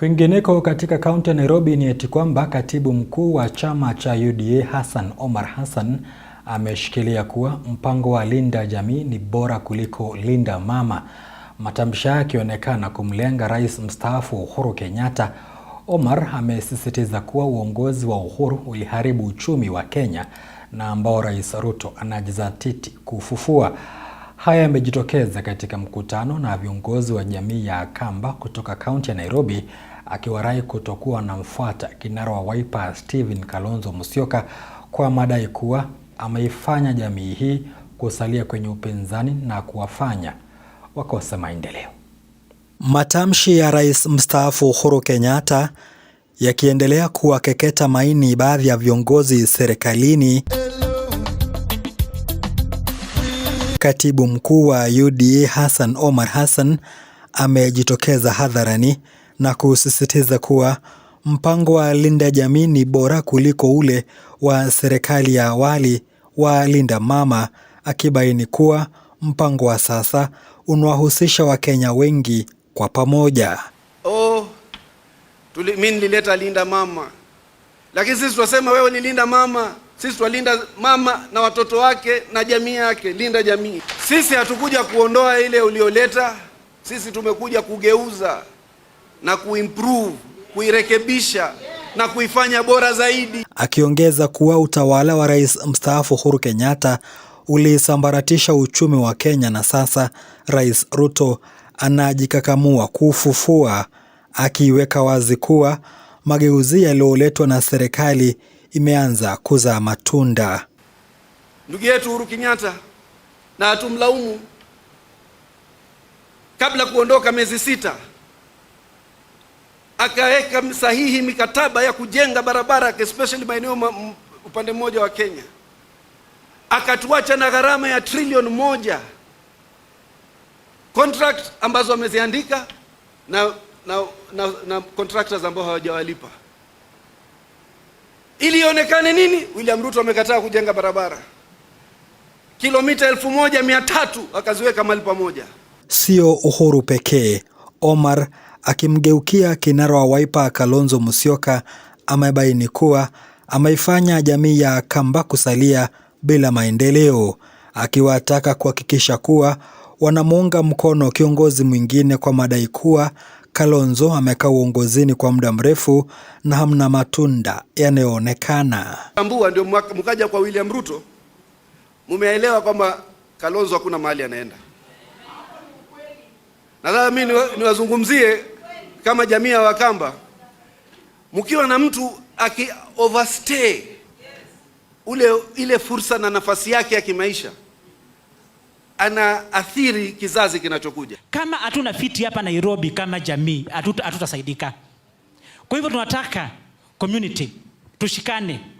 Kwingineko katika kaunti ya Nairobi ni eti kwamba katibu mkuu wa chama cha UDA Hassan Omar Hassan ameshikilia kuwa mpango wa Linda Jamii ni bora kuliko Linda Mama, matamshi yake yakionekana kumlenga rais mstaafu Uhuru Kenyatta. Omar amesisitiza kuwa uongozi wa Uhuru uliharibu uchumi wa Kenya na ambao Rais Ruto anajizatiti kufufua. Haya yamejitokeza katika mkutano na viongozi wa jamii ya Akamba kutoka kaunti ya Nairobi akiwarai kutokuwa na mfuata kinara wa Wiper Stephen Kalonzo Musyoka kwa madai kuwa ameifanya jamii hii kusalia kwenye upinzani na kuwafanya wakose maendeleo. Matamshi ya rais mstaafu Uhuru Kenyatta yakiendelea kuwakeketa maini baadhi ya viongozi serikalini. Katibu mkuu wa UDA Hassan Omar Hassan amejitokeza hadharani na kusisitiza kuwa mpango wa Linda Jamii ni bora kuliko ule wa serikali ya awali wa Linda Mama, akibaini kuwa mpango wa sasa unawahusisha Wakenya wengi kwa pamoja. Oh, mimi nilileta Linda Mama, lakini sisi tunasema wewe ni Linda Mama. Sisi twalinda mama na watoto wake na jamii yake. Linda Jamii. Sisi hatukuja kuondoa ile ulioleta, sisi tumekuja kugeuza na kuimprove, kuirekebisha na kuifanya bora zaidi. Akiongeza kuwa utawala wa Rais mstaafu Uhuru Kenyatta ulisambaratisha uchumi wa Kenya na sasa Rais Ruto anajikakamua kufufua akiiweka wazi kuwa mageuzi yaliyoletwa na serikali imeanza kuzaa matunda. Ndugu yetu Uhuru Kenyatta, na hatumlaumu. Kabla kuondoka miezi sita akaweka sahihi mikataba ya kujenga barabara especially maeneo upande mmoja wa Kenya, akatuacha na gharama ya trilioni moja contract ambazo wameziandika na na, na, na contractors ambao hawajawalipa. Ili ionekane nini? William Ruto amekataa kujenga barabara kilomita elfu moja mia tatu akaziweka mahali pamoja. Sio Uhuru pekee, Omar akimgeukia kinara wa Wiper Kalonzo Musyoka, amebaini kuwa ameifanya jamii ya Kamba kusalia bila maendeleo, akiwataka kuhakikisha kuwa wanamuunga mkono kiongozi mwingine kwa madai kuwa Kalonzo amekaa uongozini kwa muda mrefu na hamna matunda yanayoonekana. Tambua ndio mkaja kwa William Ruto, mumeelewa kwamba Kalonzo hakuna mahali anaenda. Nadhani mimi niwazungumzie kama jamii ya Wakamba, mkiwa na mtu aki overstay ule ile fursa na nafasi yake ya kimaisha anaathiri kizazi kinachokuja. Kama hatuna fiti hapa Nairobi kama jamii, hatutasaidika. Kwa hivyo tunataka community tushikane.